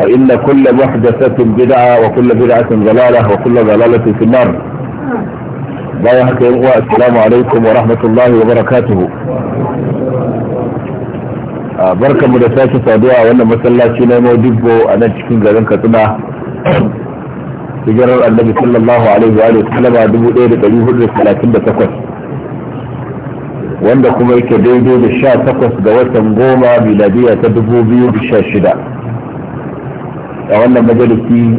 فإن كل محدثة بدعة وكل بدعة ضلالة وكل ضلالة في النار بارك السلام عليكم ورحمة الله وبركاته آه، بركة مدساتي صدوة وأن مسلا شنا موجبه أنا تشكين غزان كتنا تجرر النبي صلى الله عليه وآله وسلم أدبو إيري قليه الرسالة لكن بتقص وأنكم إيكا ديدو بشاة تقص دوات غوما ميلادية تدبو بيو بشاة a wannan majalisi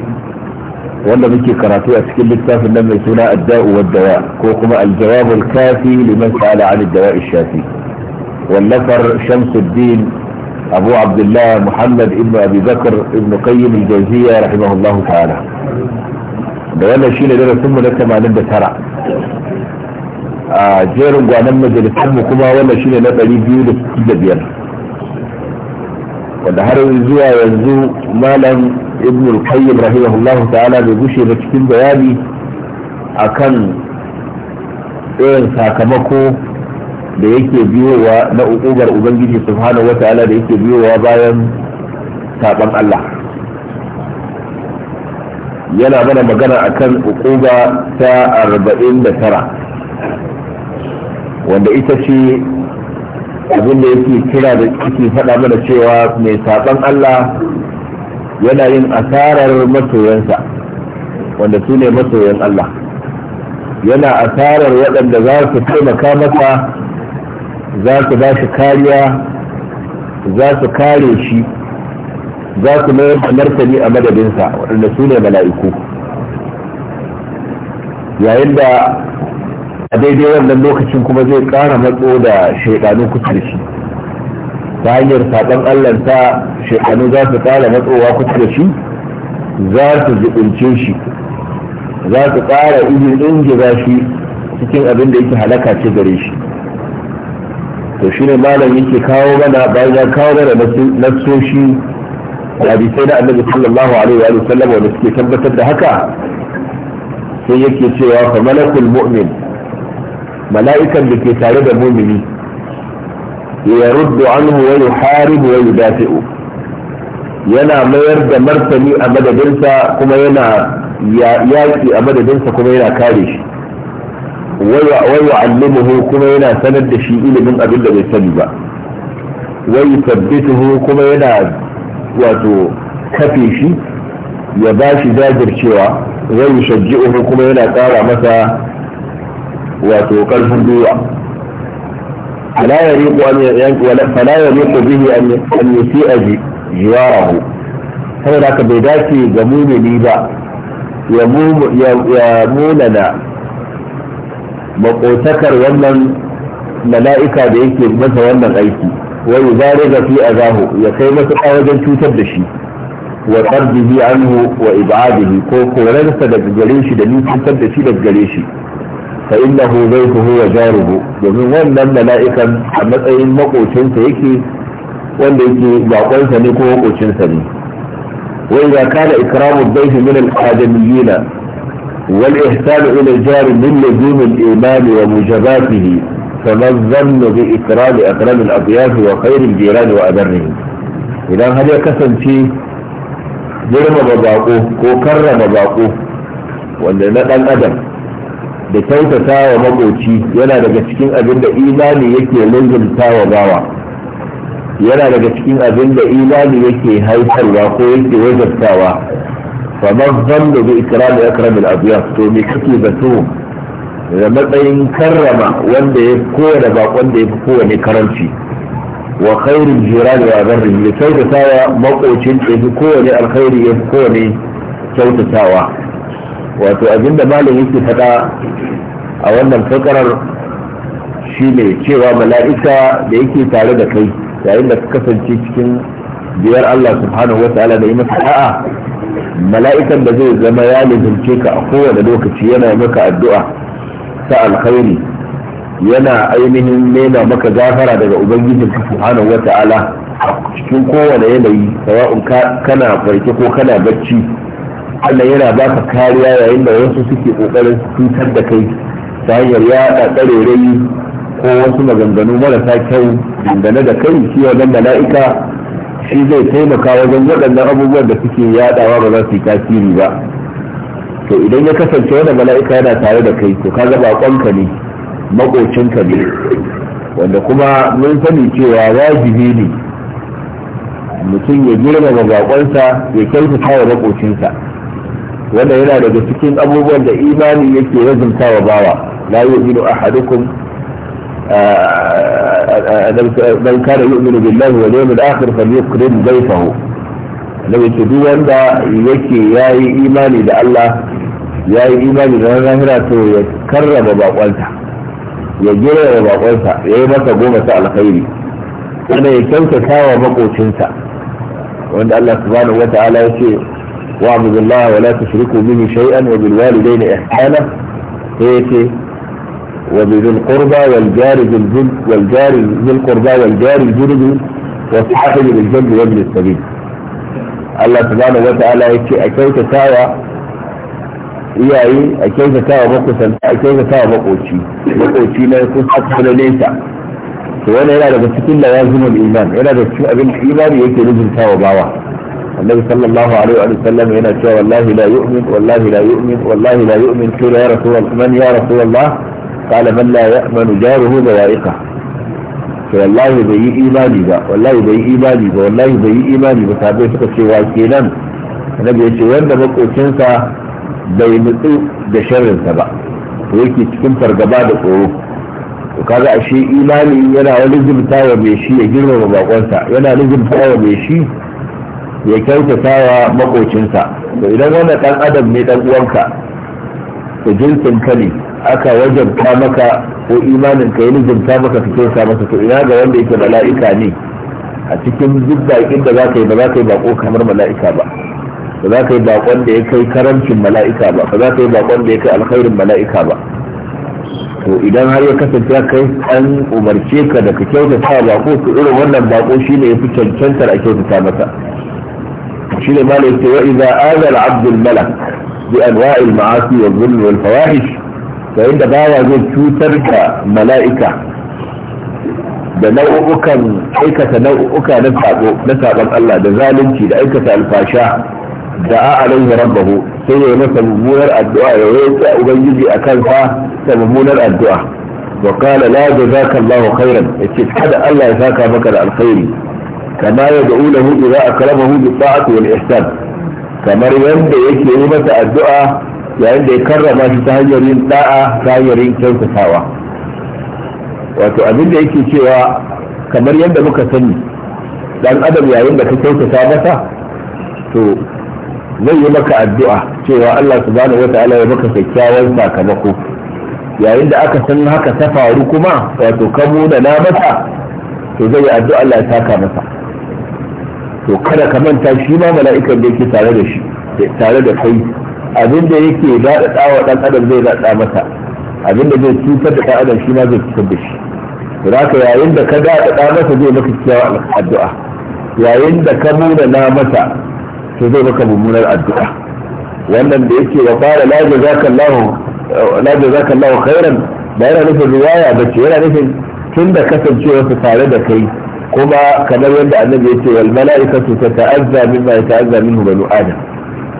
wanda muke karatu a cikin littafin nan mai suna adda'u wa dawa ko kuma aljawabul kafi liman sa'ala an dawa'i shafi wallafar shamsuddin abu abdullah muhammad ibnu abi bakr ibnu qayyim al-jawziyya rahimahullah ta'ala da wannan shine darasin mu na 89 a jerin gwanan majalisan mu kuma wannan shine na 265 wanda har zuwa yanzu malam ibn al-qayyim rahimahullah ta'ala bai gushe ba cikin bayani akan irin sakamako da yake biyowa na ukubar ubangiji subhanahu wa ta'ala da yake biyowa bayan saban Allah yana mana magana akan ukuba ta 49 wanda ita ce abin da yake kira da yake faɗa mana cewa mai saɓan Allah yana yin asarar masoyansa wanda su ne masoyan Allah yana asarar waɗanda za su taimaka masa za su ba shi kariya za su kare shi za su mayar da martani a madadinsa waɗanda su ne mala'iku yayin da a daidai wannan lokacin kuma zai kara matso da shaidanu kusa da shi ta hanyar saɓon allanta shaidanu za su kara matsowa kusa da shi za su zubince shi za su ƙara ingiza shi cikin abin da yake halaka ce gare shi to shi ne malam yake kawo mana bayan ya kawo mana nasoshi da hadisai na annabi sallallahu alaihi wa sallam wanda suke tabbatar da haka sai yake cewa fa malakul mu'min mala'ikan da ke tare da mumini ya ruddu anhu wa yuharibu wa yudafi'u yana mayar da martani a madadinsa kuma yana yaƙi a madadinsa kuma yana kare shi wa yu'allimuhu kuma yana sanar da shi ilimin abin da bai sani ba wa yuthabbituhu kuma yana wato kafe shi ya ba shi jajircewa wa yushajji'uhu kuma yana ƙara masa وتو قلبه فلا يليق أن ين يعني فلا يريق به أن أن يسيء جواره هذا لك بذات جمول ليبا يموم يمولنا لنا مقوتكر ومن ملائكة بإنك يجمز ومن أيتي ويبارد في أذاه يا يكيما تقاوجا توتب لشي وقرده عنه وإبعاده كوكو ولا نستدق جليشي دليل توتب لشي دليل فإنه بيته وجاره جميعا من ملائكا حمد أي مقو شنس يكي بعطان سنكو مقو وإذا كان إكرام الضيف من الآدميين والإحسان إلى الجار من لزوم الإيمان ومجباته فما الظن بإكرام أكرم الأضياف وخير الجيران وأبرهم إذا هل يكسن في جرم بباقه كو كرم بباقه وإذا نقل أدم da kyautata wa makoci yana daga cikin abin da imani yake lungunta wa gawa yana daga cikin abin da imani yake haifarwa ko yake wajabtawa faman zannu bi ikrami akramil abyad to me kake zato da matsayin karrama wanda ya kowane bakon da ya fi kowane karanci wa khairin jiran wa zarri da kyautatawa makocin da ya fi kowane alkhairi ya fi kowane kyautatawa wato abinda malam yake faɗa a wannan fakarar shi ne cewa mala'ika da yake tare da kai yayin da kasance cikin biyar Allah subhanahu wa da yi masa a'a mala'ikan da zai zama ya lizance ka a kowane lokaci yana maka addu'a ta alkhairi yana ainihin nema maka gafara daga ubangijin ka subhanahu wa cikin kowane yanayi sawa'un kana farke ko kana bacci Allah yana baka kariya yayin da wasu suke kokarin cutar da kai ta hanyar yaɗa rai ko wasu maganganu marasa kyau dangane da kai shi wajen mala'ika shi zai taimaka wajen waɗannan abubuwan da suke yaɗawa ba za su yi tasiri ba to idan ya kasance wani mala'ika yana tare da kai to kaga baƙonka ne maƙocinka ne wanda kuma mun sani cewa wajibi ne mutum ya girmama baƙonsa ya kyautata wa maƙocinsa wanda yana daga cikin abubuwan da imani yake lazumta wa bawa la yu'minu ahadukum man kana yu'minu billahi wal yawmil akhir falyukrim dayfahu annabi ce duk wanda yake yayi imani da Allah yayi imani da ranar to ya karrama bakwanta ya girma bakonsa yayi masa goma ta alkhairi wanda ya kyautata wa makocinsa wanda Allah subhanahu wata'ala ya ce واعبدوا الله ولا تشركوا به شيئا وبالوالدين إحسانا هيك وبذي القربى والجار ذي والجار ذي القربى والجار الجنب وصاحب الجنب وابن السبيل الله سبحانه وتعالى هيك أكيت تاوى iyaye a kyautata تاوى makusanta a kyautata wa makoci makoci na kun haka da nesa to wannan yana daga cikin lawazimul iman yana da cikin abin imani yake bawa annabi sallallahu alaihi wa sallam yana cewa wallahi la yu'min wallahi la yu'min wallahi la yu'min qila ya rasul man ya rasul Allah qala man la ya'manu jaruhu bawa'iqa to bai yi imani ba wallahi bai yi imani ba wallahi bai yi imani ba sabai suka ce wa kenan ya ce wanda makocinsa bai nutsu da sharrinsa ba yake cikin fargaba da tsoro to kaga ashe imani yana wani zubta wa mai shi ya girmama bakonsa yana nuzumta wa shi ya kyautata wa makocinsa to idan wani dan adam ne dan uwanka to jinsin ka ne aka wajabta maka ko imanin ka ya nijinta maka ka kyauta masa to ina ga wanda yake mala'ika ne a cikin duk bakin da ka yi ba za ka yi bako kamar mala'ika ba ba za ka yi bakon da ya kai karamcin mala'ika ba ba za ka yi bakon da ya kai alkhairin mala'ika ba to idan har ya kasance kai an umarce ka da ka kyautata bako to irin wannan bako shine ya fi cancantar a kyautata masa شيل مال التواء إذا آذى العبد الملك بأنواع المعاصي والظلم والفواحش فإن دعوة جل شو ترك ملائكة بنوء كان أيك تنوء كان نفعه نفعه الله دزالن شيء أيك الفاشا دعا عليه ربه سيد نفع مونا الدعاء ويسع وبيجي أكلها سمونا الدعاء وقال لا جزاك الله خيرا اتشهد الله جزاك بك الخير kama ya da'u lahu idza akramahu bi ta'ati wal ihsan kamar yadda yake yi masa addu'a yayin da ya karrama shi ta hanyar yin da'a ta hanyar yin kyautatawa wato abin da cewa kamar yadda muka adam yayin da ka kyautata masa to zai yi maka addu'a cewa Allah subhanahu ala ya maka kyakkyawan sakamako yayin da aka san haka ta faru kuma wato ka muna na masa to zai yi addu'a Allah ya saka masa to kada ka manta shi ma mala'ikan da yake tare da shi tare da kai abin da yake daɗaɗa wa ɗan adam zai daɗa mata abin da zai cutar da ɗan adam shi ma zai cutar da shi zaka yayin da ka daɗa mata zai maka kyawa addu'a yayin da ka nuna na mata to zai maka mummunar addu'a wannan da yake wa fara la za ka jazakallahu khairan ba yana nufin riwaya bace yana nufin tun da kasancewa su tare da kai kuma kamar yadda annabi ya ce wal mala'ikatu tata'azza mimma yata'azza minhu banu adam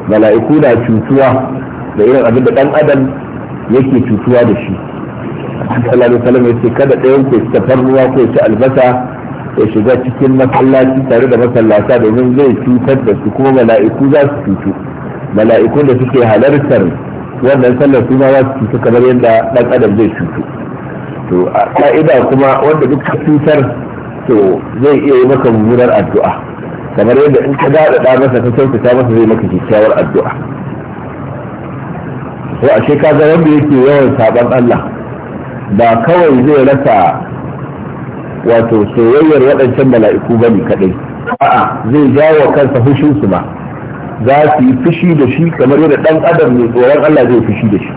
mala'iku na cutuwa da irin abin da dan adam yake cutuwa da shi sallallahu alaihi wasallam ya ce kada ɗayan ku ta farnuwa ko ci albasa ya shiga cikin masallaci tare da masallata domin zai cutar da su kuma mala'iku za su cutu mala'ikun da suke halartar wannan sallar su ma za su cutu kamar yadda dan adam zai cutu to a ka'ida kuma wanda duk cutar to zai iya yi maka mummunar addu'a kamar yadda in ka daɗaɗa masa ka kyautata masa zai maka kyakkyawar addu'a to ka ga wanda yake yawan saban Allah ba kawai zai rasa wato soyayyar waɗancan mala'iku bane kaɗai a'a zai jawo kansa fushin su ma za su yi fushi da shi kamar yadda ɗan adam ne tsoron Allah zai fushi da shi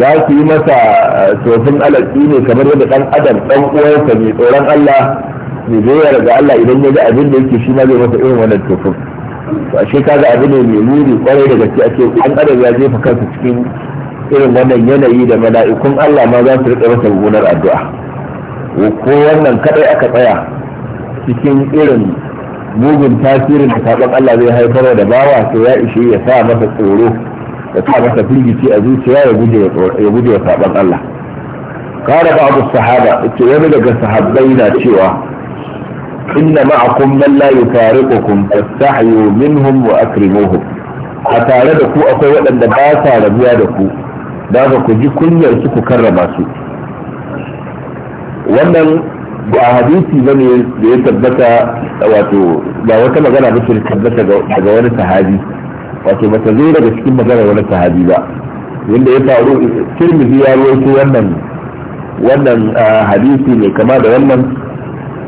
za su yi masa eh, tofin alaƙi ne kamar yadda ɗan adam ɗan uwansa mai tsoron Allah mai zoyar ga Allah idan ya ga abin da yake shi ma zai masa irin wannan tofin to ashe kaga abin ne mai ruri kwarai da gaske ake ɗan adam ya jefa kansa cikin irin wannan yanayi da mala'ikun Allah ma za su riƙa masa mummunar addu'a ko wannan kadai aka tsaya cikin irin mugun tasirin da sabon Allah zai haifarwa da bawa to ya ishe ya sa masa tsoro da ta masa firgici a zuciya ya guje wa saban Allah kare ba abu sahaba ce wani daga sahabbai na cewa inna ma'akum man la yufariqukum fastahyu minhum wa akrimuhum a tare da ku akwai waɗanda ba sa rabuwa da ku da ba ku ji kunyar su ku karrama su wannan ba hadisi ba ne da ya tabbata wato ba wata magana ba ta tabbata daga wani sahabi wato ba ta zo daga cikin magana wani sahabi ba wanda ya faru tirmidhi ya rawaito wannan wannan hadisi ne kama da wannan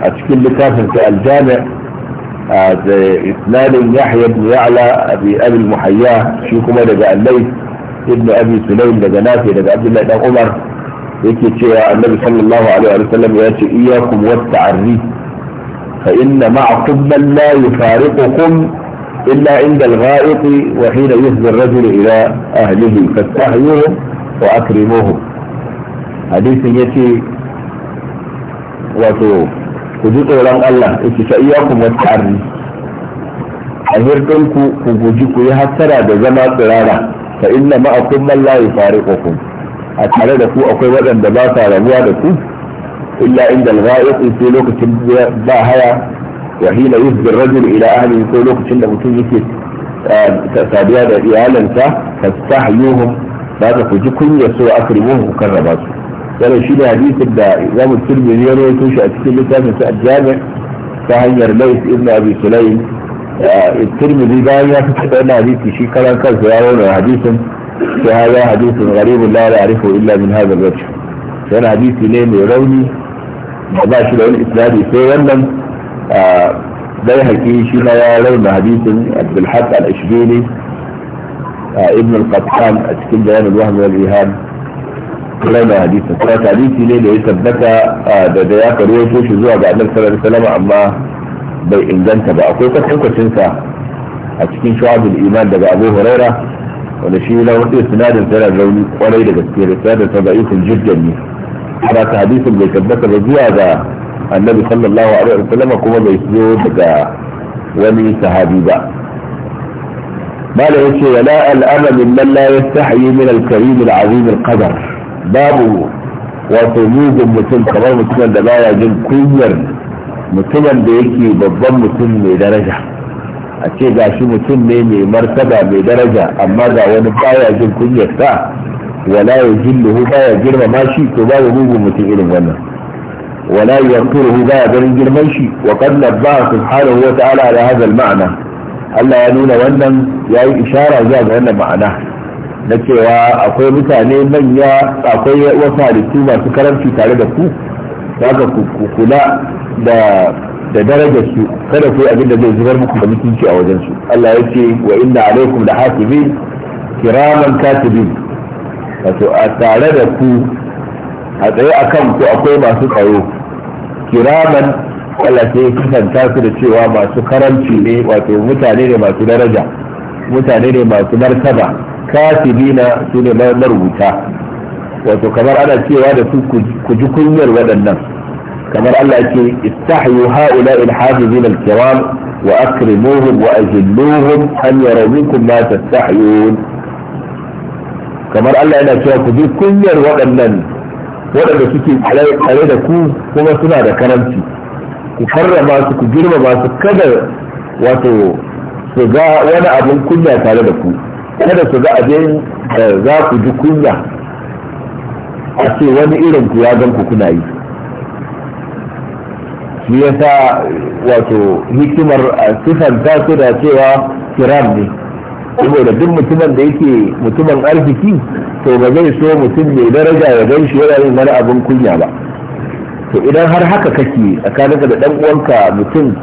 a cikin littafin sa aljami jami da isnadin yahya ibn ya'la abi abi muhayya shi kuma daga allai ibn abi sulaim daga nafi daga abdullahi dan umar yake cewa annabi sallallahu alaihi wa sallam ya ce iyyakum wat ta'arri fa inna ma'akum man la yufariqukum إلا عند الغائط وحين يفضي الرجل إلى أهله فاستحيوهم وأكرموهم حديث يتي وتو كجيت ورم الله إتشائيكم والتعري أهرتنكو كجيكو يهترى بزما قرارة فإن معكم من لا يفارقكم أتعرى دكو أقوى ودن دباسة رموا دكو إلا عند الغائط في لوكة باهية وحين يهدي الرجل الى اهله يقول لك ان آه، متون يكي تابعا ايالا تا فاستحيوهم بعد فجو كن يسوا اكرموهم وكرباته يعني شيء حديث الداعي زام الترمذي يرى يتوش اتكي لتاك الجامع فهن يرميس ابن ابي سليم آه، الترمذي باية فتحنا حديث شيء كلام كذا يرون حديث فهذا حديث غريب لا يعرفه الا من هذا الوجه كان يعني حديثي لين يروني ما باش الاسلام اسنادي سيرنا آه، بيهكي شيخ ياليم حديث عبد الحق الاشبيلي آه، ابن القطان اسكن بيان الوهم والايهام لما حديث ثلاث حديث ليه ليه آه، ثبت ده ده ياكر يوسوش زوا بعد النبي صلى الله عليه بي انزنت بقى كيف تحكوا تنسى شو شعب الايمان ده ابو هريره ولا شيء لا انت استناد الفرع الجولي ولا يدك كثير الفرع الفضائي في الجد جميل حدث حديث بيكبك الرجوع annabi sallallahu alaihi wasallam kuma bai zo daga wani sahabi ba bala yace wala al'ama min man la yastahi min al-karim al-azim al-qadar babu wato mugun mutum kamar mutumin da baya jin kunyar mutumin da yake babban mutum mai daraja a ce gashi mutum ne mai martaba mai daraja amma ga wani baya jin kunyar sa wala yajilluhu baya girmama shi to babu mugun mutum irin wannan ولا يغفره ذا بل جرمشي وقد نبه سبحانه وتعالى على هذا المعنى ألا ينون وأن يأي إشارة ذا بأن معناه نكيوا أقوي متاني من يا أقوي وصالتي ما سكرم في تعالى دكو ذاك كلا دا da darajar su kada ku yi abin da zai zubar muku da mutunci a wajen su Allah ya ce wa alaikum da hasibin kiraman katibin wato a tare da ku a tsaye akan ku akwai masu tsaro kiraman Allah sai ya kusanta su da cewa masu karanci ne wato mutane ne masu daraja mutane ne masu martaba katibina su ne marubuta wato kamar ana cewa da su ku kunyar waɗannan kamar Allah ce istahyu haula alhafizin alkiram wa akrimuhum wa ajilluhum an yaraw minkum ma tastahyun kamar Allah yana cewa ku kunyar waɗannan waɗanda suke tsare da ku kuma suna da karamci ku karrama su ku girmama su kada wato su ga wani abin kunya tare da ku kada su ga abin da za ku ji kunya a ce wani irin ku ya gan ku kuna yi shi yasa wato hikimar sifanta su da cewa kiram ne saboda duk mutumin da yake mutumin arziki to ba zai so mutum mai daraja ya gan shi yana yin wani abin kunya ba to idan har haka kake tsakaninka da dan uwanka mutum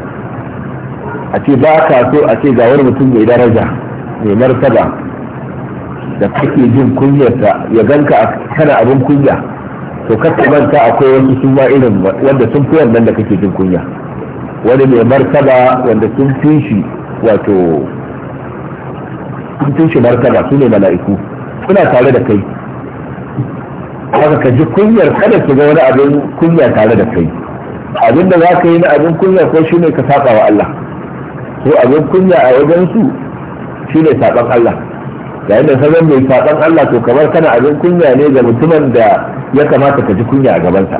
a ce ba ka so a ce ga wani mutum mai daraja mai martaba da kake jin kunyarsa ya ganka kana abin kunya to kakka manta akwai wasu su ma irin wanda sun fi wannan da kake jin kunya wani mai martaba wanda sun fi shi wato kun tushe martaba su ne mala'iku suna tare da kai haka ka ji kunyar kada ki ga wani abin kunya tare da kai abin da za ka yi na abin kunya ko shi ne ka saba wa Allah ko abin kunya a wajen su shi ne saban Allah yayin da sabon mai saban Allah to kamar kana abin kunya ne ga mutumin da ya kamata ka ji kunya a gabansa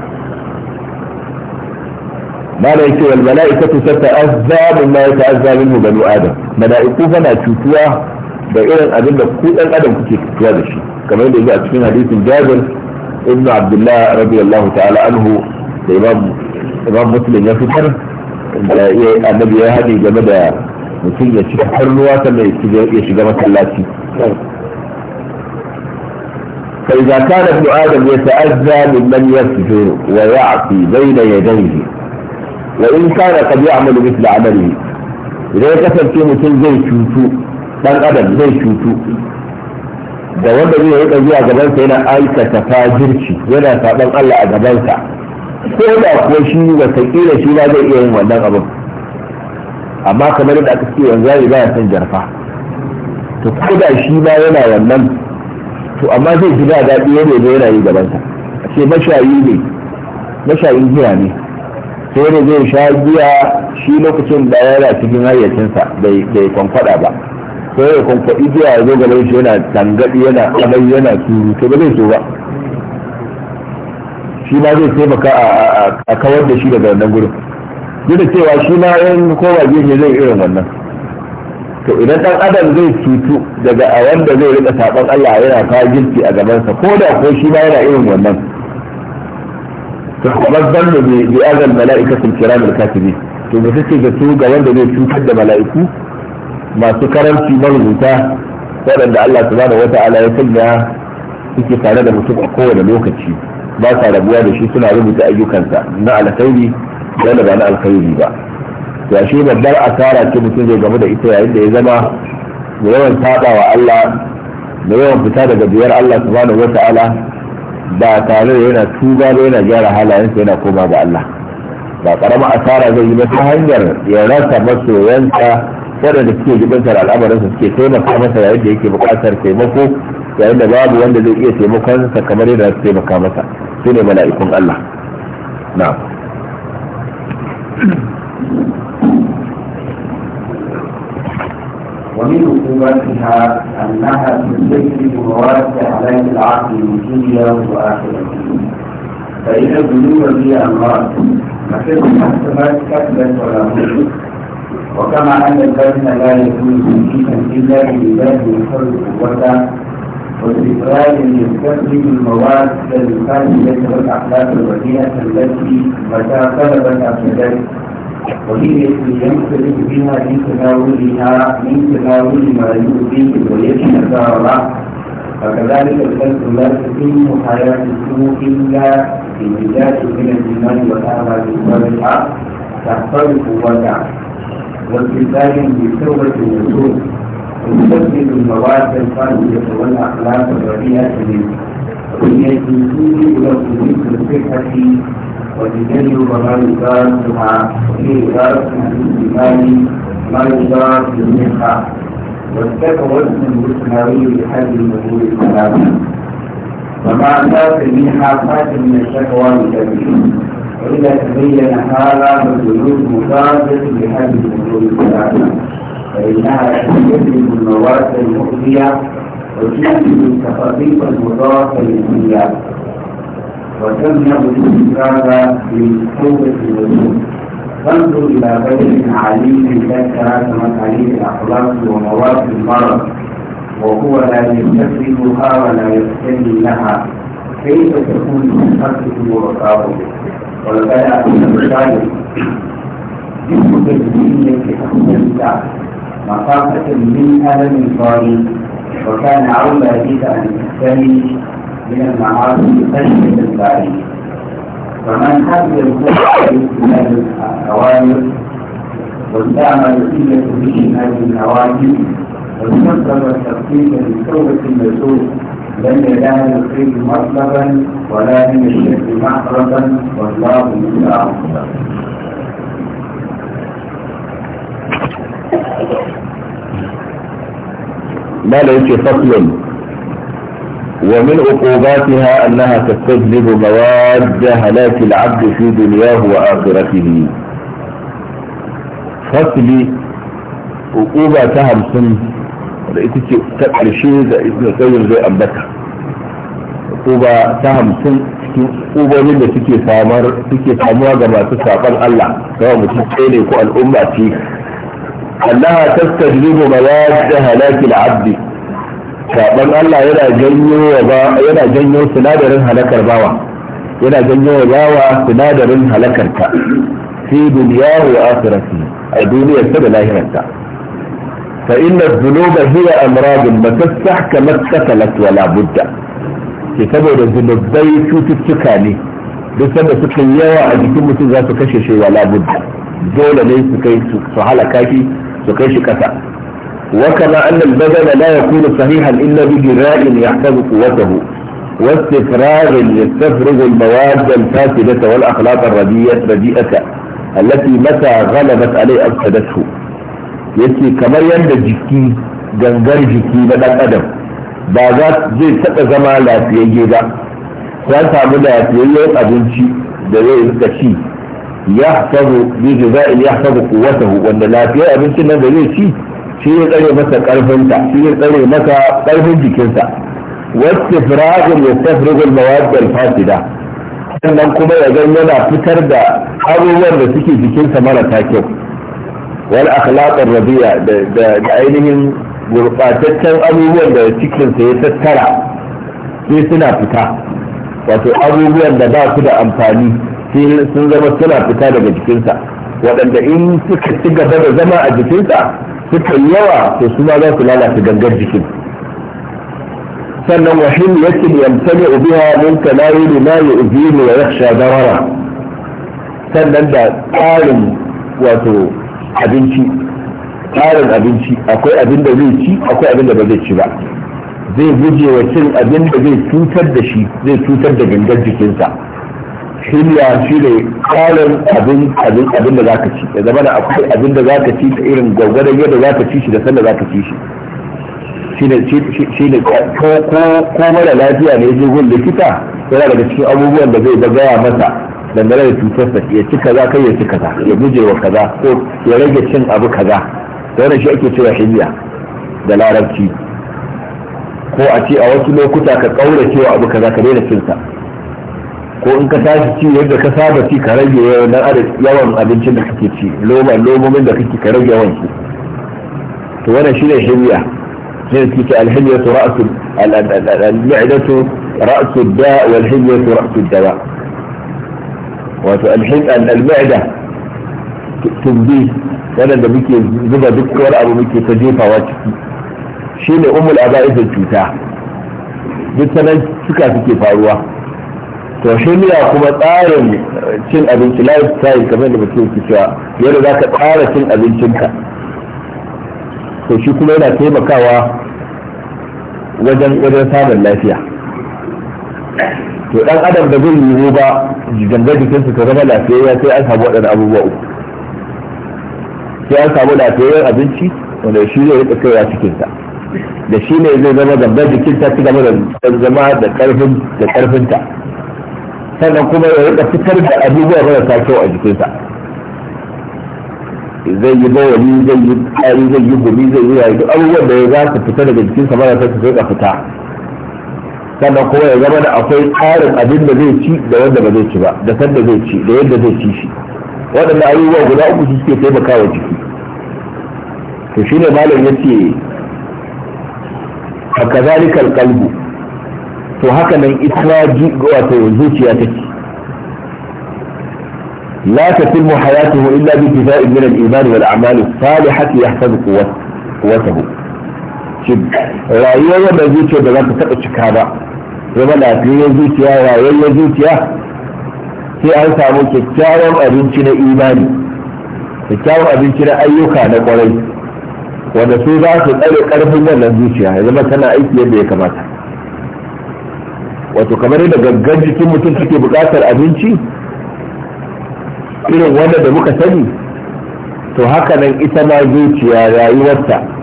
mala yake wal mala'ikatu tata'azza mimma yata'azza minhu banu adam mala'iku fana cutuwa da irin abin da ku dan adam kuke fitowa da shi kamar yadda yake a cikin hadisin jabir ibnu abdullah radiyallahu ta'ala anhu da imam imam muslim ya fitar da ya annabi ya haɗe game da mutum ya ci har ruwa sannan ya shiga masallaci فإذا كان ابن آدم يتأذى ممن يفجر ويعصي بين يديه وإن كان قد يعمل مثل عمله إذا كسب في مثل زي شوتو dan adam zai cutu da wanda zai rika zuwa gabansa yana aikata fajirci yana saɓan Allah a gabansa ko da kuwa shi wataƙila shi ba zai iya yin wannan abin amma kamar yadda aka ce yanzu zai ba ya son jarfa to ko da shi ba yana wannan to amma zai ji ba daɗi yana zai yana yi gabansa a ce mashayi ne mashayi giya ne sai ne zai sha giya shi lokacin da yana cikin hayyacinsa bai kwankwada ba sai ya kwankwaɗi zuwa ya zo gare shi yana tangaɗi yana amai yana turu to ba zai so ba shi ma zai taimaka a kawar da shi daga wannan gurin duk da cewa shi ma yan kowa gefe zai irin wannan to idan dan adam zai cutu daga a wanda zai rika saɓon Allah yana kawo girki a gabansa ko da ko shi ma yana irin wannan to kamar zanna bi azal mala'ikatul kiramul katibi to ba take zato ga wanda zai cutar da mala'iku masu karanci marubuta waɗanda Allah subhanahu ta'ala) ya sanya suke tare da mutum a kowane lokaci ba sa rabuwa da shi suna rubuta ayyukansa na alkhairi wanda ba na alkhairi ba ya shi babbar asara ce mutum zai game da ita yayin da ya zama da yawan saba wa Allah da yawan fita daga biyar Allah subhanahu ta'ala) ba tare da yana tuba ba yana gyara halayensa yana koma ga Allah ba karama asara zai yi ba ta hanyar ya rasa masoyansa waɗanda suke jibantar al'amarinsa suke taimaka masa yayin da yake buƙatar taimako yayin da babu wanda zai iya taimakonsa kamar yadda su taimaka masa su ne mala'ikun Allah na ومن عقوبتها أنها تسبب مواد على العقل الدنيا وآخرته فإن الذنوب هي أمراض فكيف حسبت كسبت ولا ملك وكما أن الكلمة لا يكون تنكيسا إلا بذات الحر قوة واستقرار يستخدم المواد الفاسدة والأخلاق الرديئة التي متى طلبت أفسدت وهي التي ينفرد بها في تناولها من تناول ما يؤذيه ويشهد الله وكذلك الخلق لا تتم حياة السوء إلا بمزاج من الإيمان والأعمال الصالحة تحترق وتعفى والكتاب بتوبة النسوس ويسدد المواد الفردية والأخلاق الرديئة منه وليتوجد إلى وجود الصحة وتجنب وما يدار بها وفي إدارة الاستقبال ما يضار بالصحة والتقوى اسم الاسماوي لحد الوصول وما ومع ذلك من حافات من الشكوى من وإذا تبين هذا بالجلوس مصادق لهذه الحدود الثلاثة فإنها تجلب المواد المؤذية وتجلب التخطيط المضادة للحياة وتمنع الاستفادة من قوة الوجود فانظر إلى بيت عليم ذكر عليه الأخلاق ومواد المرض وهو لا يستفردها ولا يستني لها كيف تكون صحته ورقابه ولو كان أبونا مشايخ جسم تجميلية أحسنت مخافة من ألم صارم وكان أولى بك أن تستمر من المعاصي خشية البعيد ومن حفظ الكفر باجتناب الأوامر واستعمل قلة به هذه الأوامر واستخدم التخطيط للتوبة النسوخ لن ينال الخير مطلبا ولا من الشرك محربا والله من ما ليس فصل ومن عقوباتها أنها تستجلب مواد هلاك العبد في دنياه وآخرته فصل عقوبة همسن da ita ce ta ƙarshe da ibn qayyim zai ambata uba ta hamsin cikin ubobin da suke samar suke samuwa ga masu saban Allah kawai mutum ɗaya ne ko al'umma ce Allah tastajlibu mawajid halakil abdi saban Allah yana janyo yana janyo sinadarin halakar bawa yana janyo wa bawa sinadarin halakarta fi duniyahu wa akhirati a duniyarsa da lahirarsa فإن الذنوب هي أمراض ما تفتح كما اتكلت ولا بد كتابة الذنوب cututtuka ne السكاني بسبب suka yi yawa a jikin mutum ولا بد دولة shi wala budda dole ne su وكما أن البدن لا يكون صحيحا إلا بجراء يحتاج قوته واستفراغ يستفرغ المواد الفاسدة والأخلاق الرديئة التي متى غلبت عليه أفسدته Yake kamar yadda jiki gangar jiki na dan adam ba za zai taɓa zama lafiyayye ba ya samu lafiyayyen abinci da zai rika ci ya sabu bi jaza'il ya sabu quwwatahu wanda lafiyar abincin nan da zai ci shi ya tsare masa karfinta shi ya tsare masa karfin jikinsa wastifragul yastafrigul mawad al fasida sannan kuma ya ga yana fitar da abubuwan da suke jikinsa marasa kyau wal akhlaqar rabiya da ainihin gurbataccen abubuwan da cikinsa ya tattara sai suna fita wato abubuwan da ba su da amfani sun zama suna fita daga jikinsa waɗanda in suka ci gaba da zama a jikinsa suka yawa to su ma za su lalata gangar jikin sannan wahim yakin yamtani ubiha min talayil ma yu'zini ya yakhsha darara sannan da tsarin wato abinci tsarin abinci akwai abin da zai ci akwai abin da ba zai ci ba zai guje wa cin abin da zai cutar da shi zai cutar da gangar jikinsa shirya shi ne tsarin abin abin abin da zaka ci ya zama da akwai abin da zaka ci ta irin gwagwadon yadda zaka ci shi da sanda zaka ci shi shi ne ko mara lafiya ne zai gun likita yana daga cikin abubuwan da zai gaya masa dangane da cutarsa ya ci kaza kai ya ci kaza ya guje wa kaza ko ya rage cin abu kaza wannan shi ake cewa hijiya da larabci ko a ce a wasu lokuta ka kaura cewa abu kaza ka daina cinsa ko in ka tashi ci yadda ka saba ci ka rage yawan abincin da kake ci loma lomomin da kake ka rage yawan su to wannan shine hijiya ne da kike alhijiyatu ra'su al-mi'datu ra'su da wal hijiyatu ra'su dawa wato al alma'ida tumbi waɗanda muke zuba duk wani abu muke ta jefawa ciki shi ne umul aba'izar cuta duk sanan suka suke faruwa to shi miya kuma tsarin cin abinci lifestyle kamar da mutum ke cewa yadda za ka tsara cin abincinka to shi kuma yana taimakawa wajen wajen samun lafiya to dan adam da zai yiwu ba ganga jikinsa ta zama lafiyayya sai an samu waɗannan abubuwa uku sai an samu lafiyayyen abinci wanda shi zai rika kaiwa ta, da shi ne zai zama ganga jikinta ta gaba da zama da karfin da ta, sannan kuma ya rika fitar da abubuwa marasa kyau a jikinsa zai yi bawali zai yi tsari zai yi gumi zai yi duk abubuwan da ya za su fita daga jikinsa marasa su rika fita sannan kuma ya zama da akwai tsarin abin da zai ci da wanda ba zai ci ba da sanda zai ci da yadda zai ci shi waɗanda abubuwa guda uku su suke wa jiki to shi ne malam ya ce haka zalikar kalbu to haka nan ita ji wato zuciya take لا تتم حياته إلا بانتفاء من الإيمان والأعمال الصالحة يحفظ قوته shi rayuwar yadda zuciya da za ta taɓa cika ba zama lafiyayyar zuciya rayuwar zuciya sai an samu kyakkyawan abinci na imani kyakkyawan abinci na ayyuka na kwarai wanda su za su tsare karfin wannan zuciya ya zama tana aiki yadda ya kamata wato kamar yadda gangan jikin mutum suke buƙatar abinci irin wanda da muka sani to haka nan ita ma zuciya rayuwarta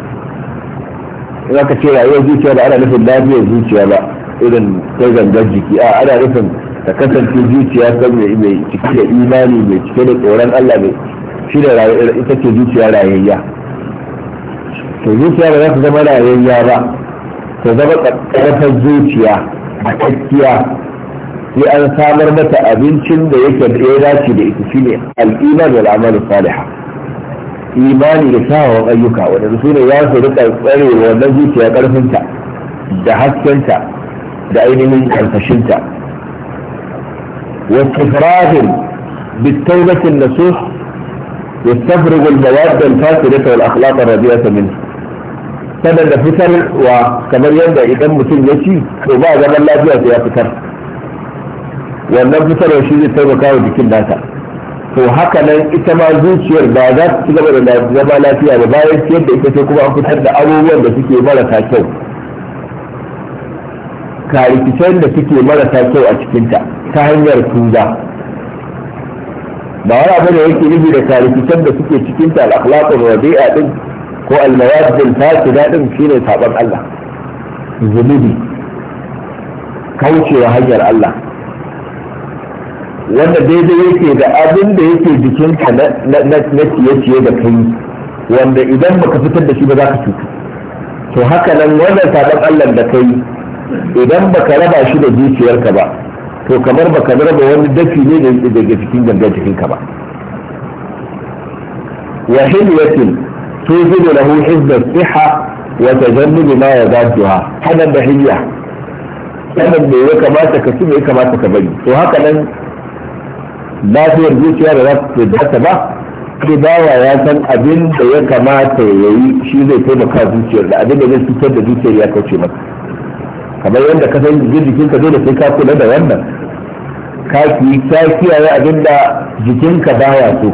za ka ce rayuwar zuciya da ana nufin lafiyar zuciya ba irin ta gangar jiki a ana nufin ta kasance zuciya san mai cike da imani mai cike da tsoron Allah mai shi da ita ce zuciya rayayya to zuciya ba za ta zama rayayya ba ta zama ƙarfar zuciya a tsakiya sai an samar mata abincin da yake da ya dace da ita shine al-iman wal amal salihah imani da sawa ayyuka wanda su ne za su rika tsare wa wannan zuciya karfinta da haskenta da ainihin karkashinta واستفراغ بالتوبة النصوح da tawal الفاسدة rabiya ta min sannan da fitar wa kamar yadda idan mutum ya ci to ba zaman lafiya sai ya fitar wannan fitarwa shi zai taimaka wa jikin nata to haka nan ita ma zuciyar ba za ta ci gaba da zama lafiya ba bayan ciyar da ita sai kuma an fitar da abubuwan da suke marasa kyau karikicen da suke marasa kyau a cikinta ta hanyar tuza ba wani abu da yake nufi da karikicen da suke cikinta al'akhlaqul rabi'a din ko al-mawadil fasida din shine sabon Allah zunubi kaucewa hanyar Allah wanda daidai yake da abin da yake jikinka na ciye-ciye da kai wanda idan baka fitar da shi ba za ka cutu to haka nan wannan sabon allah da kai idan baka raba shi da zuciyarka ba to kamar baka raba wani dafi ne da yake daga cikin gangan jikinka ba wa hilwatin tuzilu lahu hizba siha wa tajannubu ma yazaduha hanan da hilya sanan da ya kamata ka su me ya kamata ka bari to haka nan lafiyar zuciya da za su ta ba ke bawa ya san abin da ya kamata ya yi shi zai taimaka zuciyar da abin da zai cutar da zuciyar ya kauce masa kamar yadda ka san jikinka dole sai ka kula da wannan ka kiyaye abin da jikinka baya so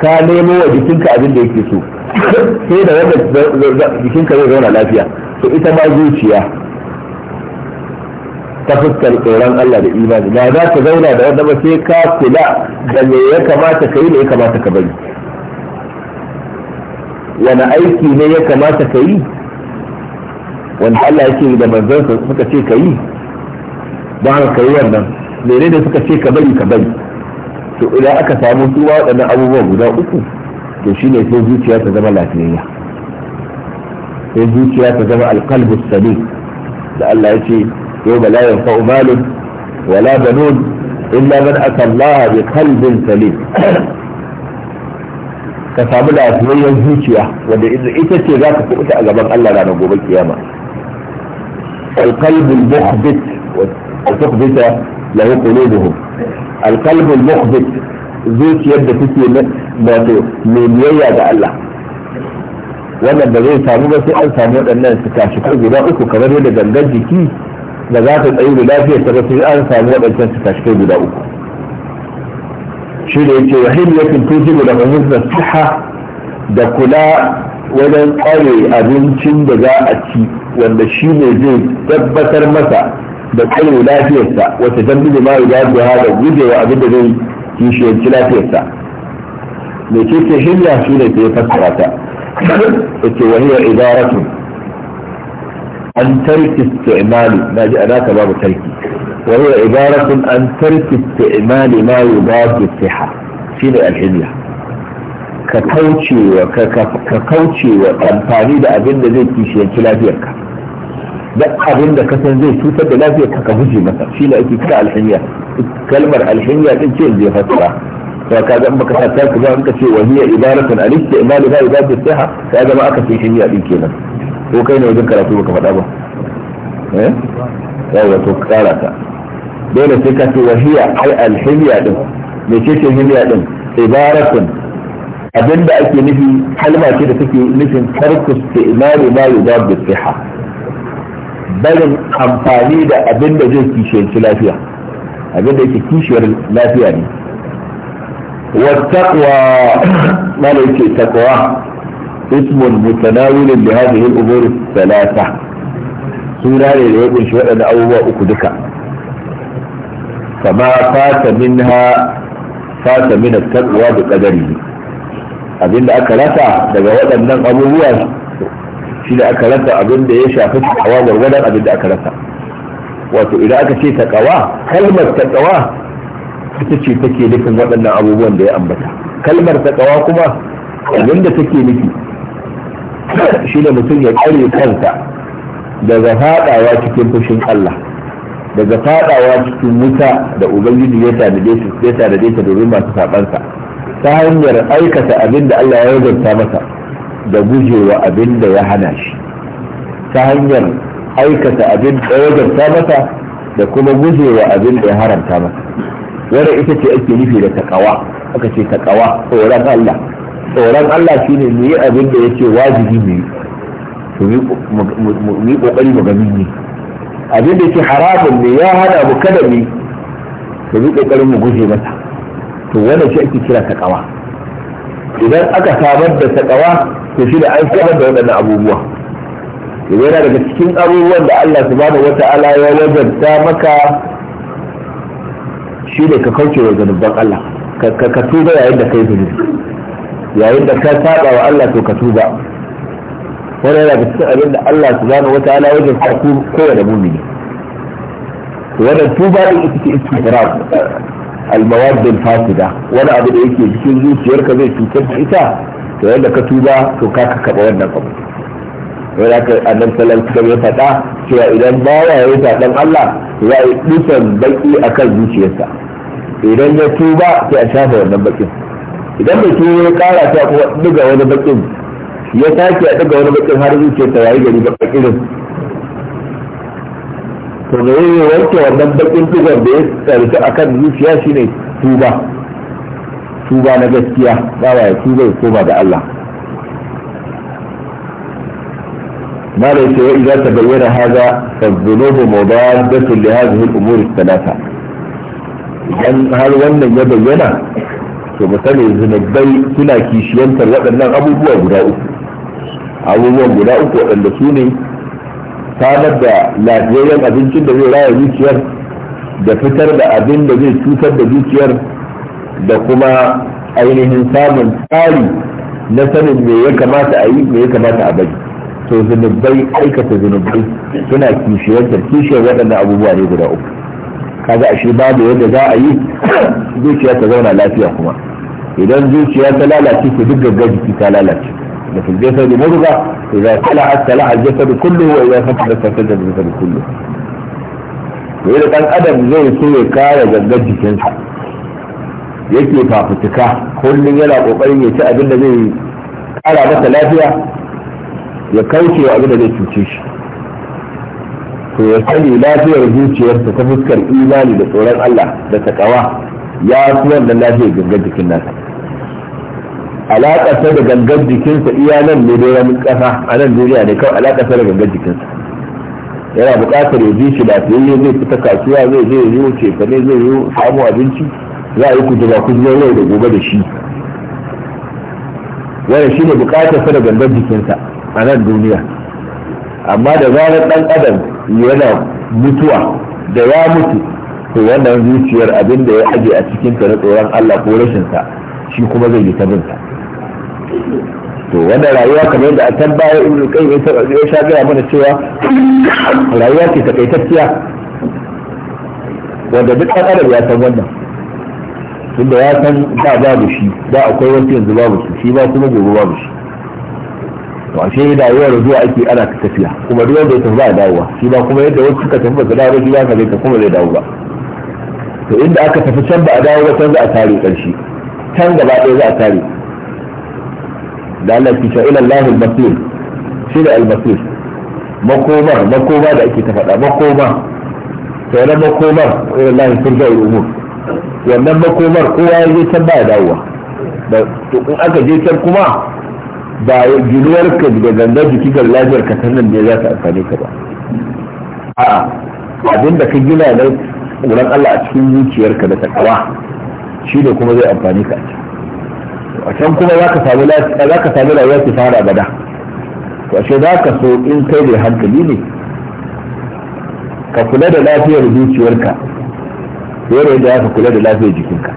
ka nemo wa jikinka abin da yake so sai da wanda jikinka zai zauna lafiya to ita ma zuciya ta fuskar tsoron Allah da imani ba za ka zauna da wanda ba sai ka kula da me ya kamata ka yi da ya kamata ka bari wani aiki ne ya kamata ka yi wanda Allah yake da manzansa suka ce ka yi ba ka kai wannan mene ne suka ce ka bari ka bari to idan aka samu su waɗannan abubuwa guda uku to shine sai zuciya ta zama lafiyayya sai zuciya ta zama alƙalbus sadiq da Allah ya ce يوم لا ينفع مال ولا بنون إلا من أتى الله بقلب سليم كسام الله أثنية الزوجية وإذا إتت ذاك فؤتا أجمال الله لا نقوم بالكيامة القلب المخبت وتخبت له قلوبهم القلب المخبت زوج يد تسي ماتو من يجا الله ولا بغير سامو بس أن سامو أن الناس تكاشفوا جماعك وكمان ولا جنجد جيكي da za ta tsayi da lafiyar ta sai an samu waɗancan su kai guda uku shi da yake wa hilyatin tujibu da fahimtar siha da kula wajen tsare abincin da za a ci wanda shi ne zai tabbatar masa da tsare lafiyarsa wata dambi ma ya da da gujewa abin da zai kishiyanci lafiyarsa da ke ke hilya shi ne ke fassara ta yake wa idaratun عن ترك استعمال ما جاء ذاك باب ترك وهي عبارة عن ترك استعمال ما يضاد الصحة شنو الحلية ككوتشي وككوتشي وكالفاني ده أبن زي كيشي يعني لا لافيرك ده أبن ده كسن زي توتا لا لافيرك كهجي مثلا شنو أكي كلا الحلية كلمة الحلية تنشي زي فترة فكذا أمك حتى وهي عبارة عن الاستعمال ما يضاد الصحة فهذا ما أكفي حلية بكينا ko kai ne wajen karatu baka faɗa ba eh yawa to kara ta dole sai ka ce wahiya ai alhiliya din me ce ce hiliya din ibaratun abinda ake nufi kalma ce da take nufin tarku istimali ma bi siha barin amfani da abinda zai kishiyanci lafiya abinda yake kishiyar lafiya ne wa taqwa mala yake taqwa ismun mutanawilin da hadhihi al-umur sura ne da ya kunshi waɗannan abubuwa uku duka kama fata minha fata min at-taqwa bi qadarihi abinda aka rasa daga waɗannan abubuwa shi da aka rasa abinda ya shafi taqwa gwargwadon abinda aka rasa wato idan aka ce taqwa kalmar taqwa ita ce take nufin waɗannan abubuwan da ya ambata kalmar taqwa kuma take nufi shi ne mutum ya kare kansa daga fadawa cikin fushin Allah daga fadawa cikin wuta da ubangiji ya tanade su ya tanade ta domin masu sabansa ta hanyar aikata abin da Allah ya rubuta masa da gujewa abin da ya hana shi ta hanyar aikata abin da ya rubuta masa da kuma gujewa abin da ya haramta masa wanda ita ce ake nufi da takawa aka ce takawa tsoron Allah tsoron Allah shi ne mu yi abin da yake wajibi mu yi mu yi kokari mu gami ne abin da yake haramun ne ya hana mu kada mu to mu kokarin mu guje mata, to wannan shi ake kira takawa idan aka samar da takawa to shi da an samar da waɗannan abubuwa to yana daga cikin abubuwan da Allah subhanahu wata'ala ya wajabta maka shi ne ka kauce wa zanubban Allah ka tuba yayin da kai zunubi yayin da ka saba wa Allah to ka tuba wani yana da cikin abin da Allah subhanahu wata ala wajen ka kowane mumini wannan tuba din ita ce istighfar al-mawad al-fasida wani abu da yake cikin zuciyarka zai cutar da ita to yadda ka tuba to ka kaba wannan abu Wani da ka annan sallallahu alaihi ya faɗa cewa idan bawa ya yi dan Allah za a yi dukan baki akan zuciyarsa idan ya tuba sai a shafa wannan bakin idan mai tuwo ya kara ta kuma daga wani bakin ya sake a daga wani bakin har zuciyar ta yayi gari baka irin to da yayi wanke wannan bakin digar da ya tsarki akan zuciya shine tuba tuba na gaskiya ba ya tuba ya koma da Allah ما ليس وإذا تبين هذا فالذنوب مضادة لهذه الأمور الثلاثة إذن هل ون يبين to mu sani zunubai suna kishiyantar waɗannan abubuwa guda uku abubuwan guda uku waɗanda su ne samar da lafiyayyen abincin da zai raya zuciyar da fitar da abin da zai cutar da zuciyar da kuma ainihin samun tsari na sanin me ya kamata a yi me ya kamata a bari to zunubai aikata zunubai suna kishiyantar kishiyar waɗannan abubuwa ne guda uku kaga ashe babu yadda za a yi zuciya ta zauna lafiya kuma idan zuciya ta lalace to duk gaggar jiki ta lalace da sai da murza idza sala'at sala'a da kullu wa idan da fasadat da da kullu to da dan adam zai so ya kare gaggar jikinsa yake fafutuka kullum yana kokarin ya ci abin da zai kara masa lafiya ya kauce wa abin da zai cuce shi to ya sani lafiyar zuciyarsa ta fuskar imani da tsoron Allah da takawa ya fi wannan lafiyar gangan jikin nasa Alakasa da gangan jikinsa iya nan ne da ramin ƙasa a nan duniya ne kawai alakasa da gangan jikinsa yana buƙatar ya ji shi lafiyayye zai fita kasuwa zai je ya yi cefa ne zai yi samu abinci za a yi kujera kujerar yau da gobe da shi wani shi ne sa da gangan jikinsa a nan duniya amma da zarar dan adam yana mutuwa da ya mutu to wannan zuciyar abin da ya aje a cikin ta na tsoron Allah ko rashin sa shi kuma zai yi ta bin sa to wannan rayuwa kamar yadda a can baya ibn qayyim ya sha gaya mana cewa rayuwa ce takaitacciya wanda duk ɗan adam ya san wannan tunda ya san ba babu shi da akwai wasu yanzu babu shi shi ba kuma gobe babu shi to ashe da yawan zuwa ake ana ta tafiya kuma duk wanda ya tafi ba dawowa shi ba kuma yadda wasu suka tafi ba su dawo shi ba ka zai ka kuma zai dawo ba to inda aka tafi can ba a dawo ba can za a tare karshe can gaba ɗaya za a tare da Allah ki sha'ila Allah al-basir shi da al-basir makoma makoma da ake ta faɗa makoma to yana makomar ila Allah turja al-umur wannan makomar kowa ya je can ba ya dawowa to in aka je can kuma ba ginuwar ka da ganda jiki ga lafiyar ka ta nan ne za ta amfani ka ba a'a abin da ka gina na tsoron Allah a cikin zuciyarka da takawa shi ne kuma zai amfani ka a can kuma za ka sami za ka sami rayuwar ki fara bada to ashe za ka so in kai da hankali ne ka kula da lafiyar zuciyarka yadda za ka kula da lafiyar jikinka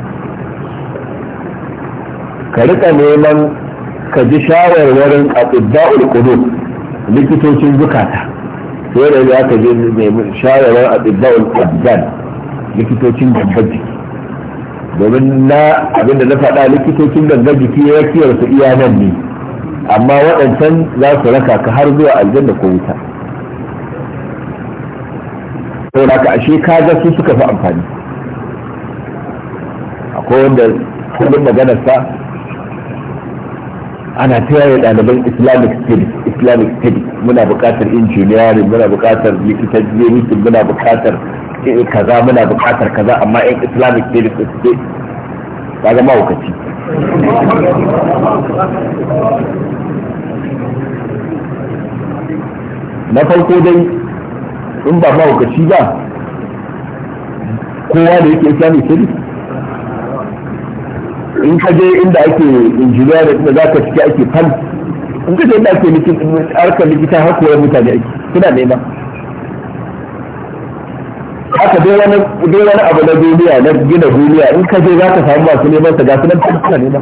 ka rika neman ka ji shawarwarin atibba'ul qulub likitocin zukata sai da za ka je shawarwarin a atibba'ul abdan likitocin babbar jiki domin na abinda na faɗa likitocin gangan jiki ya kiyar su iya nan ne amma waɗancan za su raka ka har zuwa aljanna ko wuta saboda ka ashe ka ga su suka fi amfani akwai wanda kullum maganarsa ana tayar ɗaliban islamic studies islamic studies muna buƙatar engineering muna buƙatar likitanci muna buƙatar kaza muna buƙatar kaza amma yan islamic studies su ba zama hukaci na farko dai in ba mahaukaci ba kowa da yake islamic studies in ka je inda ake injiniya da za ka ciki ake fan in ka je inda ake harkar likita har koyar mutane ake suna nema haka dai wani abu na duniya na gina duniya in ka je za ka samu masu neman sa ga su nan suna nema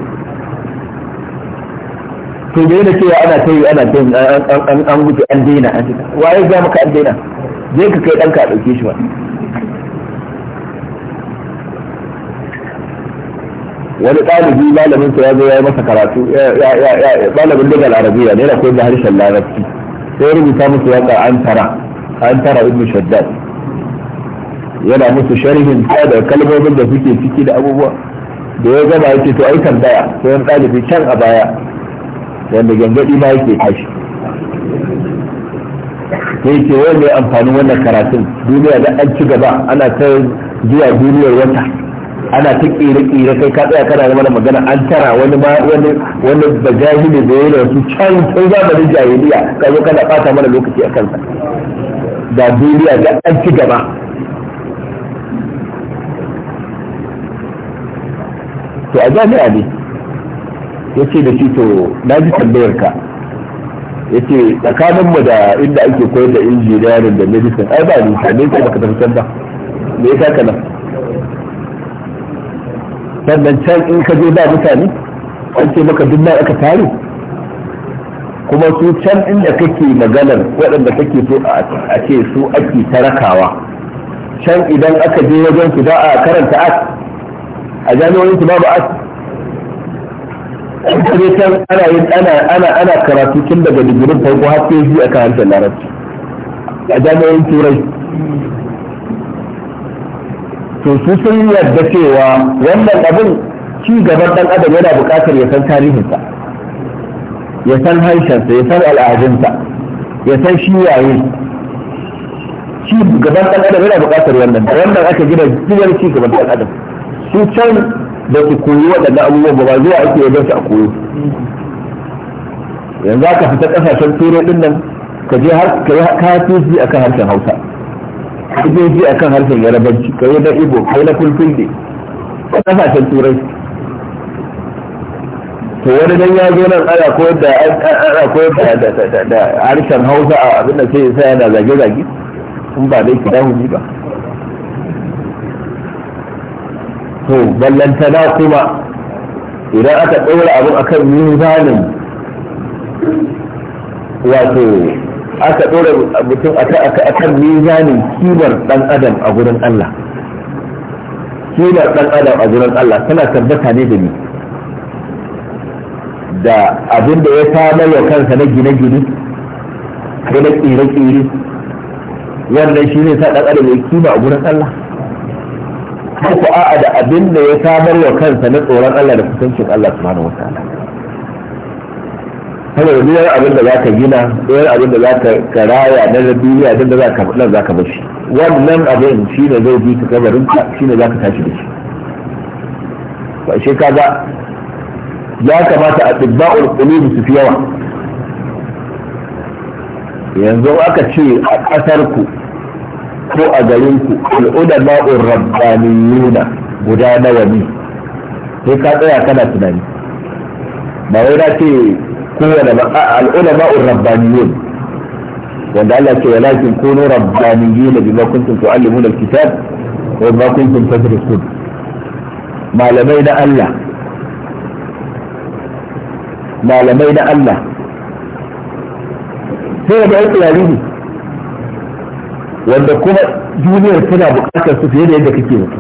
to me yana cewa ana ta yi ana ta an an an gudu an daina an waye ga maka an daina je ka kai danka a ɗauke shi ba wani ɗalibi malamin sa ya zo ya yi masa karatu Ya ya ya ɗalibin daga arabiya ne yana koyar da harshen larabci sai rubuta musu waka an tara an tara ibn shaddad yana musu sharhin ta da kalmomin da suke ciki da abubuwa da ya gama yake to ai tambaya sai wani ɗalibi can a baya wanda gangaɗi ma yake tashi sai ke wani amfanin wannan karatun duniya da an ci gaba ana ta zuwa duniyar wata ana ta kere-kere kai ka tsaya kana da magana an tara wani ma wani wani bajahi ne da yana su can can da jahiliya ka zo kana bata mana lokaci a kansa da duniya da an ci gaba to a jami'a ne ya ce da shi to na ji tambayar ka ya tsakanin mu da inda ake koyar da injiniyarin da medicine ai ba ni ne ka baka tafi can ba me ya ka nan. sannan can in ka je ba mutane an ce maka duk aka tare kuma su can inda kake maganar waɗanda kake so a ce su ake tarakawa can idan aka je wajen su da a karanta as a jami'o'in su babu as an can ana yin ana ana ana karatu tun daga digirin farko har sai a kan harshen larabci a jami'o'in turai to su sun yarda cewa wannan abin ci gaban dan adam yana bukatar ya san tarihinsa ya san harshensa ya san al'adunsa ya san shi waye ci gaban dan adam yana bukatar wannan da wannan aka gina gidan ci gaban dan adam su can da su koyi waɗannan abubuwan ba zuwa ake yadda su a koyo yanzu aka fita ƙasashen turai ɗin nan ka je har ka yi a akan harshen hausa kake a kan harshen yarabanci kai na ibo kai na fulfulde kasashen turai to wani dan ya zo nan ana koyar da ana koyar da da harshen hausa a abin da ya saya yana zage-zage in ba dai kidahu ni ba to ballantana kuma idan aka ɗaura abin akan mizanin wato aka dora mutum a kan mizanin kimar dan adam a gurin Allah kimar dan adam a gurin Allah tana tabbata ne da ni da abin da ya samar wa kansa na gine-gine ko na tsire-tsire wannan shi ne sa dan adam ya kima a gurin Allah ko a'a da abin da ya samar wa kansa na tsoron Allah da kusancin Allah subhanahu wa ta'ala kada da duniyar abin da za ka gina duniyar abin da za ka raya na duniya don da za nan za ka bashi wannan abin shi ne zai bi ka kabarin ka shi ne za ka tashi da shi ba shi ka ga ya kamata a tibba'ul qulubi su fi yawa yanzu aka ce a ƙasar ku ko a garin ku al'ulama'ur rabbaniyuna guda nawa ne sai ka tsaya kana tunani ba wai na ce ko al'ulama rabbaniyun wanda Allah ke walakin kunu rabbaniyuna bima kuntum tu'allimuna alkitab wa bima kuntum tadrusun malamai na Allah malamai na Allah sai da aiki yariri wanda kuma duniyar tana bukatar su fiye da yadda kake mutu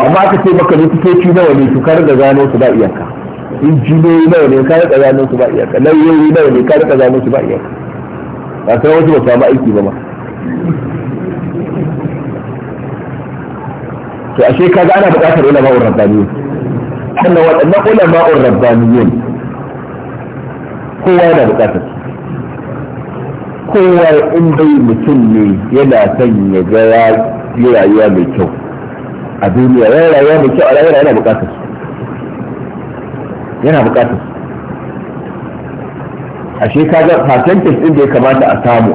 amma aka ce maka likitoci nawa ne tukar da gano su ba iyaka injiniyoyi nawa ne ka rika gano su ba iyaka lauyoyi nawa ne ka rika gano su ba iyaka ba sai wasu ba samu aiki ba ma to ashe kaga ana buƙatar ulama'ur rabbani sannan waɗannan ulama'ur rabbaniyin kowa yana buƙatar kowa in dai mutum ne yana son ya ga yi rayuwa mai kyau a duniya yana rayuwa mai kyau a rayuwa yana buƙatar su yana bukatar ashe kaga percentage din da ya kamata a samu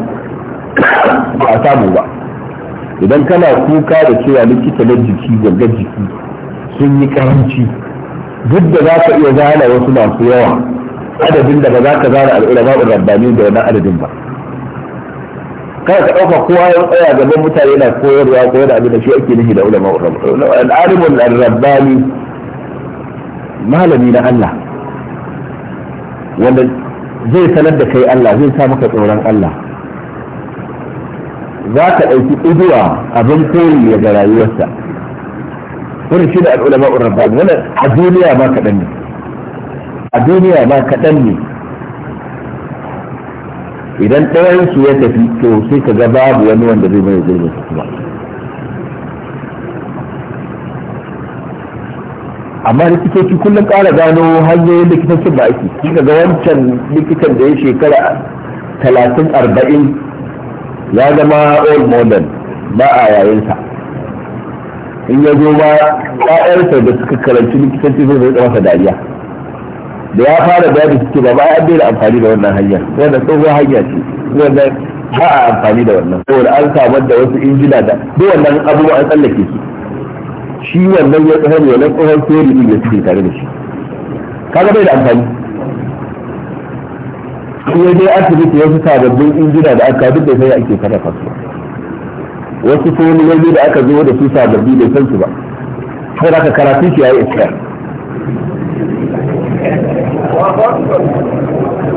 ba a samu ba idan kana kuka da cewa likita na jiki gangar jiki sun yi karanci duk da za ka iya zana wasu masu yawa adadin da ba za ka zana al'ulama rabbani da wani adadin ba kada ka ɗauka kowa ya tsaya gaban mutane na koyarwa koyar da abin da shi ake nufi da ulama al'alimun rabbani malami na Allah wanda zai sanar da kai Allah zai sa maka tsoron Allah za ka ɗauki iduwa abin koyi daga rayuwarsa wani shi da al'ulama urabban wani a duniya ma kaɗan ne a duniya ma kaɗan ne idan ɗayansu ya tafi to sai ka ga babu wani wanda zai mai gurbin su kuma amma likitoci kullum ƙara gano hanyoyin likitancin ba ake kika ga wancan likitan da ya shekara talatin arba'in ya zama old modern ba a yayinsa in ya zo ba ƴaƴarsa da suka karanci likitanci zai zai masa dariya da ya fara bayani suke ba ba an daina amfani da wannan hanyar wanda tsohon hanya ce wanda ba a amfani da wannan saboda an samar da wasu injina da duk wannan abubuwa an tsallake su shi wannan ya tsohon wannan tsohon feri din ya cike tare da shi kaga bai da amfani shi dai asibiti wasu sababbin injina da aka duk da sai ake sarrafa su wasu foliyoyi da aka zo da su sababbi bai san su ba sai aka karatu shi yayi iska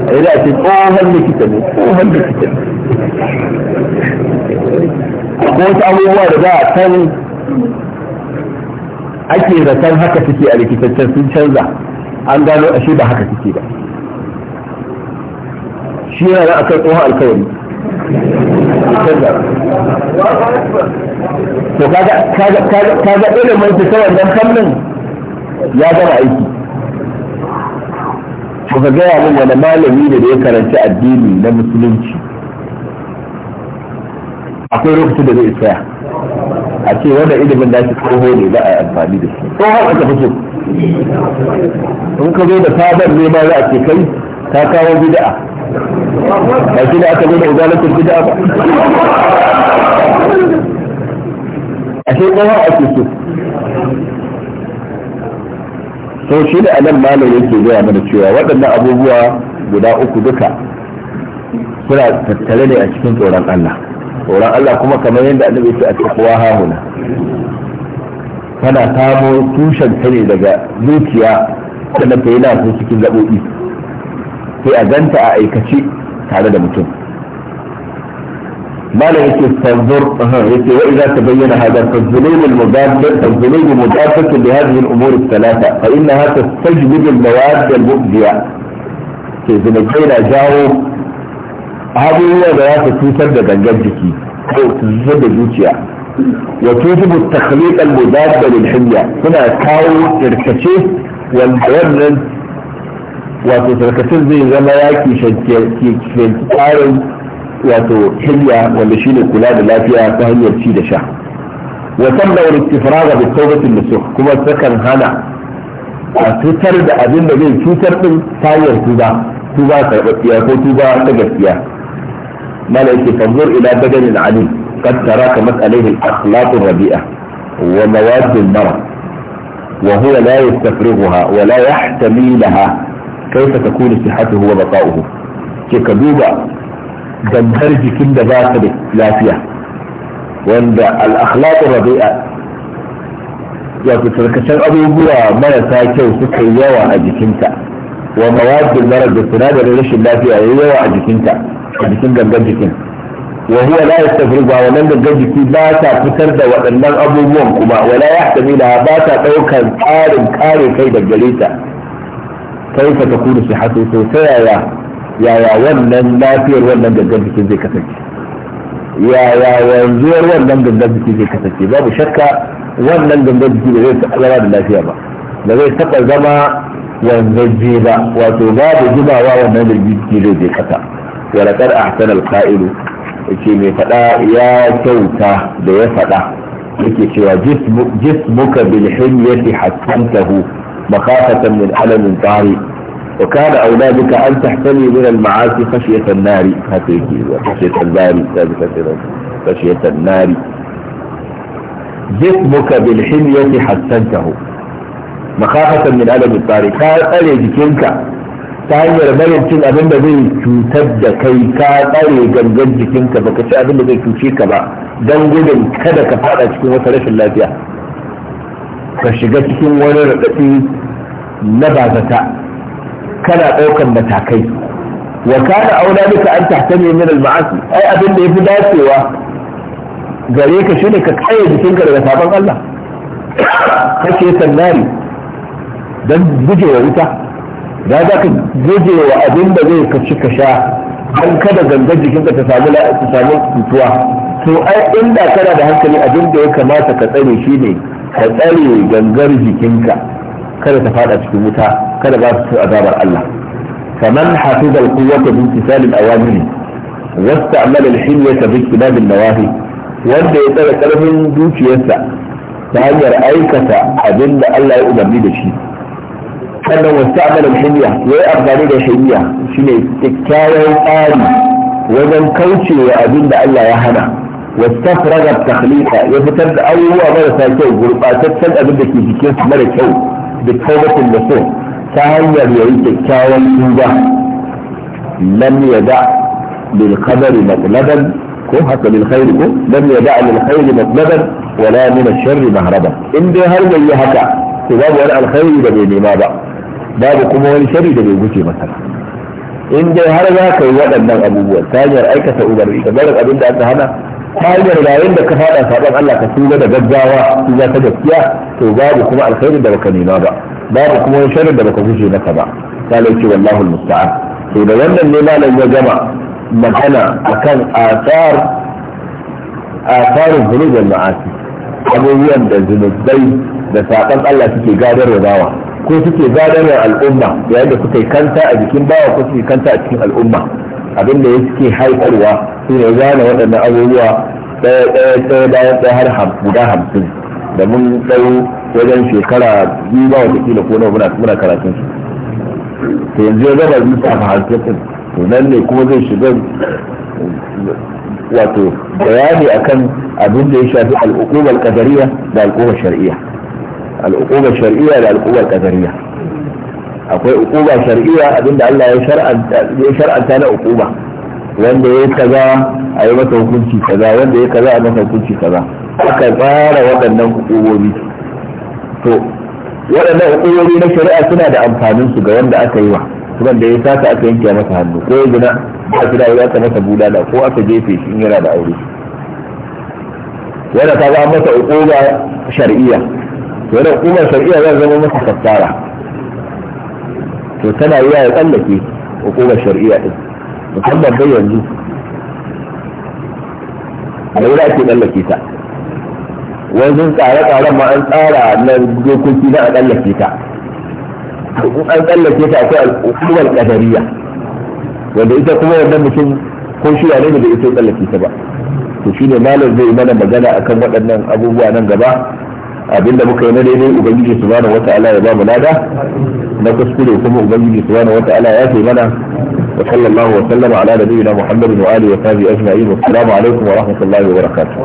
ila eh, ce tsohon likita ne tsohon likita ne ko wasu abubuwa da za a kan. ake zaton haka take a rikitaccen sun canza an gano ashe ba haka take ba shi yana nan akan tsohon alkawari to kaga ilimin su ta wannan fannin ya gama aiki to ka gaya min wani malami ne da ya karanci addini na musulunci akwai lokacin da zai tsaya a ce wanda ilimin da shi tsoho ne za a yi amfani da shi har aka fi so in ka zo da sabon ne za a ce kai ta kawo bid'a ba shi da aka zo da izalatul bid'a ba a ce har ake so sau shi da anan malam yake gaya mana cewa waɗannan abubuwa guda uku duka suna tattare ne a cikin tsoron Allah tsoron Allah kuma kamar yadda annabi ya ce a taqwa hahuna kana samo tushen ta ne daga zuciya sannan ta yana ko cikin gaɓoɓi sai a ganta a aikace tare da mutum mala yake fanzur yake wa idza tabayyana hada fazulul mudaddat fazulul mudaddat li hadhihi al-umur ath-thalatha fa innaha tastajlibu al-mawad al-mubdiya ke zina jawo abubuwa da za su cutar da gangan jiki ko su cutar da zuciya wa tujibu takhliq al-mudadda lil hilya suna kawo irkace wanda wannan wato sarkacin zai zama yaki ke tsarin wato hilya wanda shine kula da lafiya ta hanyar ci da sha wa sanna wal istifraga bi tawbati nusukh kuma sakan hana a cutar da abin da zai cutar din ta hanyar tuba tuba karɓaɓɓiya ko tuba ta gaskiya مالك تنظر الى بدن العلي قد تراكمت عليه الاخلاق الرديئه ومواد المرض وهو لا يستفرغها ولا يحتمي لها كيف تكون صحته وبقاؤه كدوبا جمهر جكين دا باقب لافية وعند الأخلاق الرديئة يقول سركة شان أبو بوا ما يساكي وسكي يوا أجكينتا ومواد المرض بسنادر ليش اللافية يوا أجكينتا a jikin gangan jikin wa huwa la yastafriga wa nan gangan jiki ba ta fitar da waɗannan abubuwan kuma wa la yahtamila ba ta ɗaukar tsarin kare kai da gare ta kai ka ta kudu su hasu sosai yaya yaya wannan lafiyar wannan gangan jikin zai kasance yaya wanzuwar wannan gangan jiki zai kasance babu shakka wannan gangan jiki ba zai taɓa zama da lafiya ba da zai taɓa zama wanzajje ba wato babu jimawa wannan gangan jiki zai je kasa walakar أحسن القائل yake mai fada ya kyauta da ya fada yake cewa jismuka bil مخافة من ألم طارئ وكان أولادك أن تحتمي من المعاصي خشية النار هتيكي خشية النار خشية النار جسمك بالحمية حسنته مخافة من ألم طاري قال ألي جكينك ta hanyar barin cin abin da zai cutar da kai ka tsare gangan jikinka baka ci abin da zai cuce ka ba don gudun kada ka fada cikin wata rashin lafiya ka shiga cikin wani raɗaɗi na bazata kana ɗaukan matakai wa kana auna duka an ne min al-ma'asi ai abin da yafi dacewa gare ka shine ka kare jikinka daga sabon Allah kake sannari dan gujewa wuta da za ka guje wa abin da zai ka ci ka sha an kada gangan jikinka ta samu ta samu cutuwa to ai inda kana da hankali abin da ya kamata ka tsare shi ne ka tsare gangar jikinka kada ta fada cikin wuta kada ba su azabar Allah faman hafiza al-quwwata bi imtisal al-awamir wasta'mala al-hilyata bi iktinab al-nawahi wanda ya tsare karfin zuciyarsa ta hanyar aikata abin da Allah ya umarni da shi sannan wasu amalin shari'a ya yi amfani da shari'a shi ne kyakkyawan tsari wajen kaucewa abin da Allah ya hana wasu furaga takhliqa ya fitar da abubuwa marasa kyau gurɓataccen abin da ke jikin su mara kyau da tawbatin da so ta hanyar ya yi kyakkyawan tuba lam ya da bil qadari matlaban ko haka bil khairi ko lam ya da lil khairi matlaban wala min ash-sharri mahraban in dai har bai yi haka to babu wani alkhairi da bai nema ba babu kuma wani shari da bai guje masa in dai har za ka yi waɗannan abubuwan ta hanyar aikata umarni da barin abin da aka hana ta hanyar yayin da ka faɗa saɓon Allah ka tuba da gaggawa tuba ta gaskiya to babu kuma alkhairin da baka nema ba babu kuma wani sharrin da baka guje maka ba ta laifi wallahu musta'an to da wannan ne malam ya gama magana akan asar asarin zunubin ma'asi abubuwan da zunubai da saƙon Allah suke gadar da bawa ko suke zalurar al'umma yayin da suka yi kanta a jikin bawa ko suke kanta a cikin al'umma abin da suke haifarwa su ne zana waɗannan abubuwa ɗaya ɗaya ɗaya bayan ɗaya har guda hamsin da mun tsayo wajen shekara biyu bawa ba wata ko nawa muna karatun su to yanzu ya zama musu a fahimtar to nan ne kuma zai shiga wato bayani akan abin da ya shafi al'ummar kadariya da al'ummar shari'a Al'ukuba shar'iyya da al'ukuba qadariyya akwai uquba shar'iyya abinda Allah ya shar'anta ya shar'anta na uquba wanda ya kaza a yi masa hukunci kaza wanda ya kaza a masa hukunci kaza aka tsara waɗannan hukumomi to waɗannan hukumomi na shari'a suna da amfanin su ga wanda aka yi wa wanda ya saka aka yanke masa hannu ko ya gina ba su da aka masa bulala ko aka jefe shi in yana da aure yana kaga an masa uquba shar'iyya to da shari'a zai zama masa kafara to tana yi ya tsallake hukumar shari'a din musamman dai yanzu a yau da ake tsallake ta wajen tsare-tsaren ma an tsara na dokoki na a tsallake ta an tsallake ta akwai al'ummar kadariya wanda ita kuma wannan mutum ko shi ne da ita tsallake ta ba to shine malam malar zai mana magana akan waɗannan abubuwa nan gaba abinda muka yi na daidai ubangiji subhanahu wata'ala ya ba mu lada na kuskure kuma ubangiji subhanahu wata'ala ya ce mana wa sallallahu wa sallama ala nabiyina muhammadin wa alihi wa sahbihi ajma'in wa assalamu alaikum wa rahmatullahi wa barakatuh